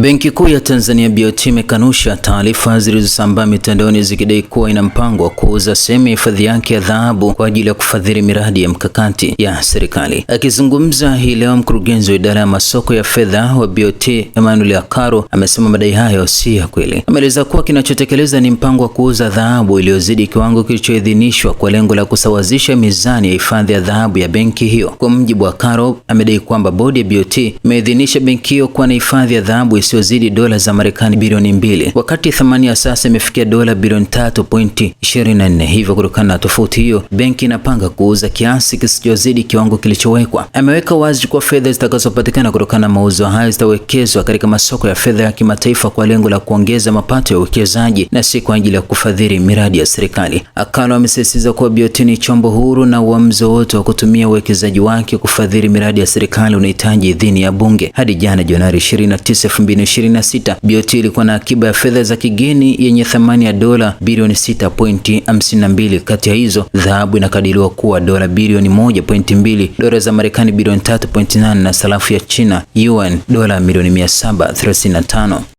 Benki Kuu ya Tanzania BOT imekanusha taarifa zilizosambaa mitandaoni zikidai kuwa ina mpango wa kuuza sehemu ya hifadhi yake ya dhahabu kwa ajili ya kufadhili miradi ya mkakati ya serikali. Akizungumza hii leo, mkurugenzi wa idara ya masoko ya fedha wa BOT Emmanuel Akaro amesema madai hayo si ya kweli. Ameeleza kuwa kinachotekeleza ni mpango wa kuuza dhahabu iliyozidi kiwango kilichoidhinishwa kwa lengo la kusawazisha mizani ya hifadhi ya dhahabu ya benki hiyo. Kwa mjibu wa Akaro, amedai kwamba bodi ya BOT imeidhinisha benki hiyo kuwa na hifadhi ya dhahabu isiyozidi dola za Marekani bilioni mbili wakati thamani ya sasa imefikia dola bilioni 3.24. Hivyo, kutokana na tofauti hiyo, benki inapanga kuuza kiasi kisichozidi kiwango kilichowekwa. Ameweka wazi kuwa fedha zitakazopatikana kutokana na mauzo hayo zitawekezwa katika masoko ya fedha ya kimataifa kwa lengo la kuongeza mapato ya uwekezaji na si kwa ajili ya kufadhili miradi ya serikali. Akalo amesisitiza kuwa BOT ni chombo huru na uamuzi wote wa kutumia uwekezaji wake kufadhili miradi ya serikali unahitaji idhini ya bunge. Hadi jana Januari 29 2026 BOT ilikuwa na akiba ya fedha za kigeni yenye thamani ya dola bilioni 6.52. Kati ya hizo dhahabu inakadiriwa kuwa dola bilioni 1.2, dola za Marekani bilioni 3.8 na sarafu ya China yuan dola milioni 735.